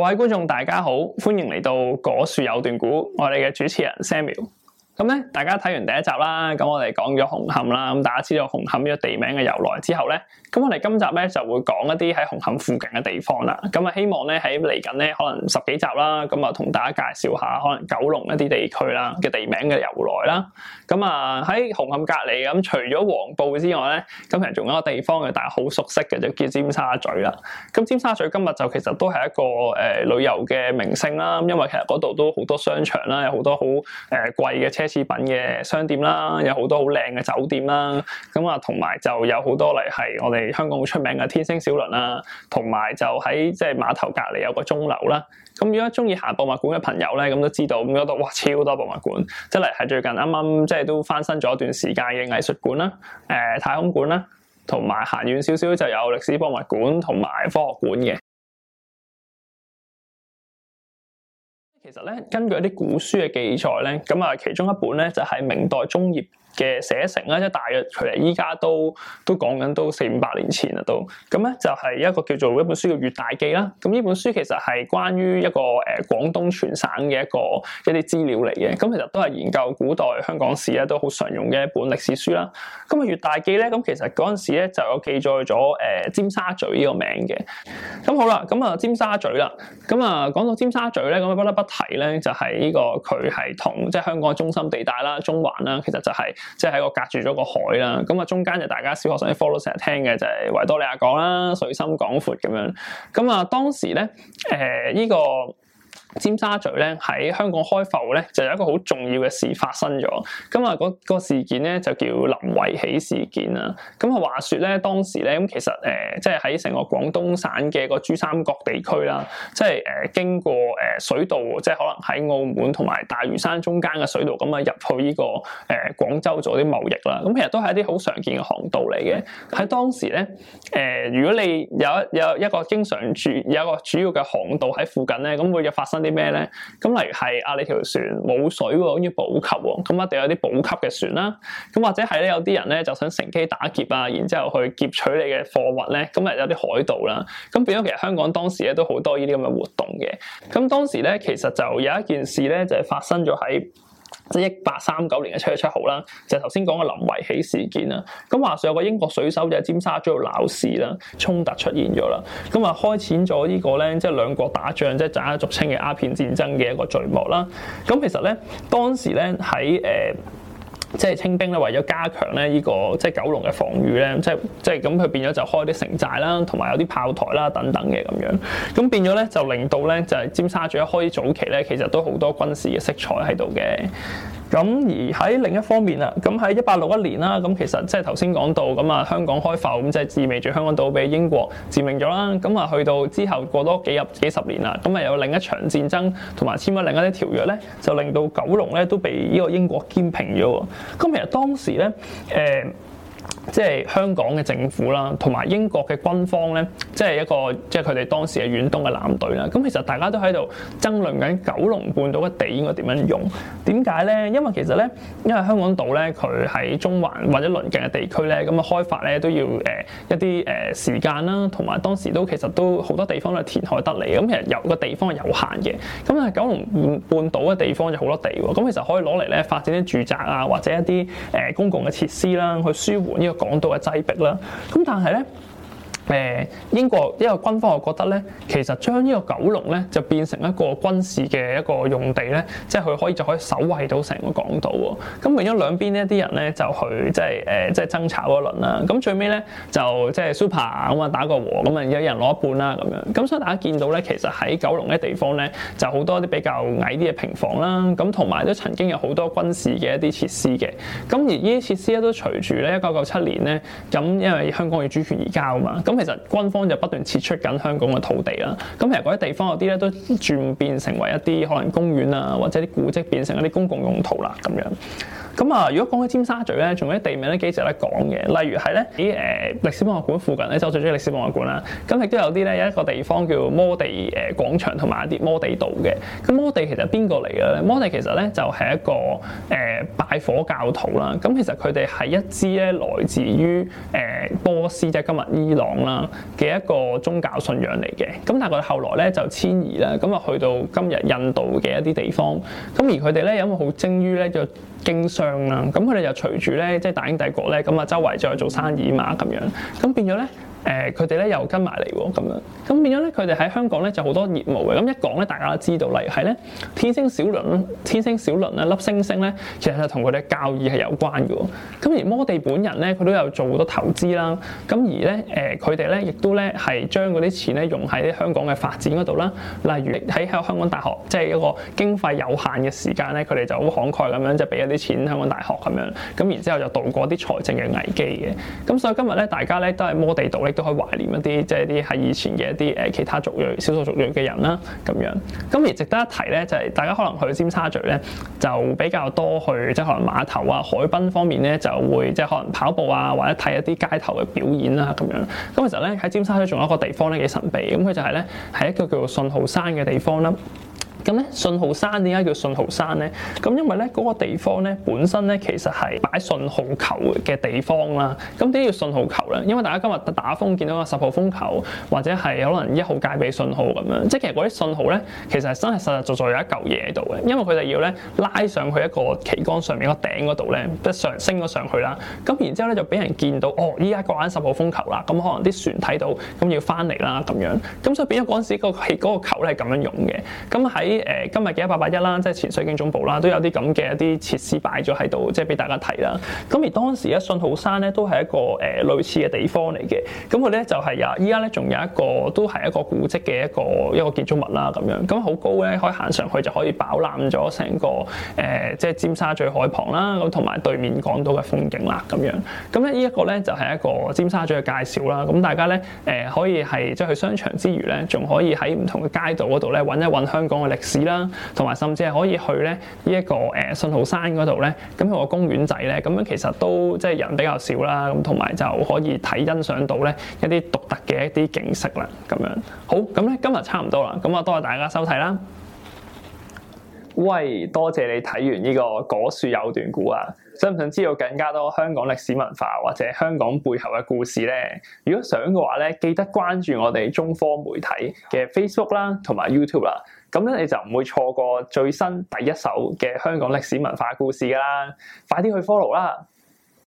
各位觀眾，大家好，歡迎嚟到果樹有段古，我哋嘅主持人 Samuel。咁咧，大家睇完第一集啦，咁我哋講咗紅磡啦，咁大家知道紅磡呢個地名嘅由來之後咧，咁我哋今集咧就會講一啲喺紅磡附近嘅地方啦。咁啊，希望咧喺嚟緊咧，可能十幾集啦，咁啊，同大家介紹下可能九龍一啲地區啦嘅地名嘅由來啦。咁啊，喺紅磡隔離咁，除咗黃埔之外咧，其實仲有一個地方嘅大家好熟悉嘅就叫、是、尖沙咀啦。咁尖沙咀今日就其實都係一個誒旅遊嘅明星啦，因為其實嗰度都好多商場啦，有好多好誒貴嘅車。奢侈品嘅商店啦，有好多好靚嘅酒店啦，咁啊，同埋就有好多嚟係我哋香港好出名嘅天星小輪啦，同埋就喺即係碼頭隔籬有個鐘樓啦。咁如果中意行博物館嘅朋友咧，咁都知道咁嗰度哇超多博物館，即係嚟係最近啱啱即係都翻新咗一段時間嘅藝術館啦，誒、呃、太空館啦，同埋行遠少少就有歷史博物館同埋科學館嘅。其實咧，根據一啲古書嘅記載咧，咁啊，其中一本咧就係明代中葉，嘅寫成咧，即係大約佢哋依家都都講緊都四五百年前啦，都咁咧就係一個叫做一本書叫《粵大記》啦。咁呢本書其實係關於一個誒、呃、廣東全省嘅一個一啲資料嚟嘅。咁其實都係研究古代香港史咧都好常用嘅一本歷史書啦。咁啊《粵大記》咧，咁其實嗰陣時咧就有記載咗誒、呃、尖沙咀呢個名嘅。咁好啦，咁啊尖沙咀啦，咁啊講到尖沙咀咧，咁不得不提咧就係、是、呢、這個佢係同即係香港中心地帶啦、中環啦，其實就係、是。即係喺個隔住咗個海啦，咁啊中間就大家小學生啲 follow 成日聽嘅就係、是、維多利亞港啦、水深廣闊咁樣，咁啊當時咧誒呢個。尖沙咀咧喺香港開埠咧，就有一個好重要嘅事發生咗。咁啊嗰個事件咧就叫林維喜事件啦。咁話說咧，當時咧咁其實誒、呃、即係喺成個廣東省嘅個珠三角地區啦，即係誒、呃、經過誒、呃、水道，即係可能喺澳門同埋大嶼山中間嘅水道咁啊入去呢、呢個誒、呃、廣州做啲貿易啦。咁其實都係一啲好常見嘅航道嚟嘅。喺當時咧誒、呃，如果你有一有，有一個經常住有一個主要嘅航道喺附近咧，咁會有發生。啲咩咧？咁例如係啊，你條船冇水喎，要補給喎。咁一定有啲補給嘅船啦。咁或者係咧，有啲人咧就想乘機打劫啊，然之後去劫取你嘅貨物咧。咁係有啲海盜啦。咁變咗其實香港當時咧都好多呢啲咁嘅活動嘅。咁當時咧其實就有一件事咧就係發生咗喺。即係一八三九年嘅七月七號啦，就係頭先講嘅林維喜事件啦。咁話上有個英國水手就喺尖沙咀度鬧事啦，衝突出現咗啦，咁啊開始咗呢、這個咧，即係兩國打仗，即係大家俗稱嘅鴉片戰爭嘅一個序幕啦。咁其實咧，當時咧喺誒。即係清兵咧、這個，為咗加強咧依個即係九龍嘅防禦咧，即係即係咁佢變咗就開啲城寨啦，同埋有啲炮台啦等等嘅咁樣，咁變咗咧就令到咧就係、是、尖沙咀一開早期咧，其實都好多軍事嘅色彩喺度嘅。咁而喺另一方面啊，咁喺一八六一年啦，咁其實即係頭先講到，咁啊香港開埠，咁即係意味住香港島被英國佔領咗啦。咁啊去到之後過多幾日幾十年啦，咁啊有另一場戰爭同埋簽咗另一啲條約咧，就令到九龍咧都被呢個英國兼併咗。咁其實當時咧，誒、欸。即係香港嘅政府啦，同埋英國嘅軍方咧，即係一個即係佢哋當時嘅遠東嘅艦隊啦。咁其實大家都喺度爭論緊九龍半島嘅地應該點樣用？點解咧？因為其實咧，因為香港島咧，佢喺中環或者鄰近嘅地區咧，咁嘅開發咧都要誒一啲誒時間啦，同埋當時都其實都好多地方都填海得嚟，咁其實有個地方係有限嘅。咁但九龍半半島嘅地方就好多地喎，咁其實可以攞嚟咧發展啲住宅啊，或者一啲誒公共嘅設施啦，去舒緩。講到嘅擠迫啦，咁但係咧。誒英國一個軍方我覺得咧，其實將呢個九龍咧就變成一個軍事嘅一個用地咧，即係佢可以就可以守衞到成個港島喎。咁為咗兩邊呢一啲人咧就去即係誒即係爭吵一輪啦。咁最尾咧就即係 super 啊咁啊打個和咁啊，有人攞一半啦咁樣。咁所以大家見到咧，其實喺九龍呢地方咧就好多啲比較矮啲嘅平房啦。咁同埋都曾經有好多軍事嘅一啲設施嘅。咁而呢啲設施咧都隨住咧一九九七年咧咁因為香港要主權移交啊嘛咁。其實軍方就不斷撤出緊香港嘅土地啦，咁其實嗰啲地方有啲咧都轉變成為一啲可能公園啊，或者啲古蹟變成一啲公共用途啦，咁樣。咁啊！如果講起尖沙咀咧，仲有啲地名咧幾值得講嘅，例如係咧喺誒歷史博物館附近咧，就是、最中意歷史博物館啦。咁亦都有啲咧有一個地方叫摩地誒廣場同埋一啲摩地道嘅。咁摩地其實邊個嚟嘅咧？摩地其實咧就係一個誒拜火教徒啦。咁其實佢哋係一支咧來自於誒波斯即係今日伊朗啦嘅一個宗教信仰嚟嘅。咁但係佢哋後來咧就遷移啦，咁啊去到今日印度嘅一啲地方。咁而佢哋咧因為好精於咧叫。經商啦，咁佢哋就隨住咧，即係大英帝國咧，咁啊周圍再去做生意嘛，咁樣，咁變咗咧。誒佢哋咧又跟埋嚟喎，咁樣咁變咗咧，佢哋喺香港咧就好多業務嘅。咁一講咧，大家都知道，例如係咧天星小輪、天星小輪啊，粒星，星星咧，其實就同佢哋教義係有關嘅。咁而摩地本人咧，佢都有做好多投資啦。咁而咧誒佢哋咧，亦、呃、都咧係將嗰啲錢咧用喺香港嘅發展嗰度啦。例如喺喺香港大學，即、就、係、是、一個經費有限嘅時間咧，佢哋就好慷慨咁樣就俾咗啲錢香港大學咁樣。咁然之後就度過啲財政嘅危機嘅。咁所以今日咧，大家咧都係摩地道亦都可以懷念一啲即係啲喺以前嘅一啲誒其他族裔、少數族裔嘅人啦，咁樣。咁而值得一提咧，就係、是、大家可能去尖沙咀咧，就比較多去即係、就是、可能碼頭啊、海濱方面咧，就會即係、就是、可能跑步啊，或者睇一啲街頭嘅表演啦、啊，咁樣。咁其實咧喺尖沙咀仲有一個地方咧幾神秘，咁佢就係咧係一個叫做信號山嘅地方啦。咁咧，信號山點解叫信號山咧？咁因為咧，嗰個地方咧，本身咧其實係擺信號球嘅地方啦。咁點解叫信號球咧？因為大家今日打風見到個十號風球，或者係可能一號戒備信號咁樣。即係其實嗰啲信號咧，其實係真係實實在在有一嚿嘢喺度嘅。因為佢哋要咧拉上去一個旗桿上面個頂嗰度咧，即上升咗上去啦。咁然之後咧就俾人見到，哦，依家嗰晚十號風球啦。咁可能啲船睇到，咁要翻嚟啦咁樣。咁所以變咗嗰陣時個氣嗰個球係咁樣用嘅。咁喺誒今日嘅一八八一啦，即係前水警總部啦，都有啲咁嘅一啲設施擺咗喺度，即係俾大家睇啦。咁而當時咧，信號山咧都係一個誒類似嘅地方嚟嘅。咁佢咧就係啊，依家咧仲有一個都係一個古蹟嘅一個一個建築物啦，咁樣咁好高咧，可以行上去就可以飽覽咗成個誒、呃、即係尖沙咀海旁啦，咁同埋對面港島嘅風景啦，咁樣。咁咧呢一個咧就係一個尖沙咀嘅介紹啦。咁大家咧誒、呃、可以係即係去商場之餘咧，仲可以喺唔同嘅街道嗰度咧揾一揾香港嘅歷史。市啦，同埋甚至係可以去咧呢一個誒信號山嗰度咧，咁佢個公園仔咧，咁樣其實都即係人比較少啦，咁同埋就可以睇欣賞到咧一啲獨特嘅一啲景色啦，咁樣好。咁咧，今日差唔多啦，咁啊多謝大家收睇啦。喂，多謝你睇完呢、這個果樹有段古啊！想唔想知道更加多香港歷史文化或者香港背後嘅故事呢？如果想嘅話咧，記得關注我哋中科媒體嘅 Facebook 啦，同埋 YouTube 啦。咁咧你就唔會錯過最新第一手嘅香港歷史文化故事㗎啦！快啲去 follow 啦！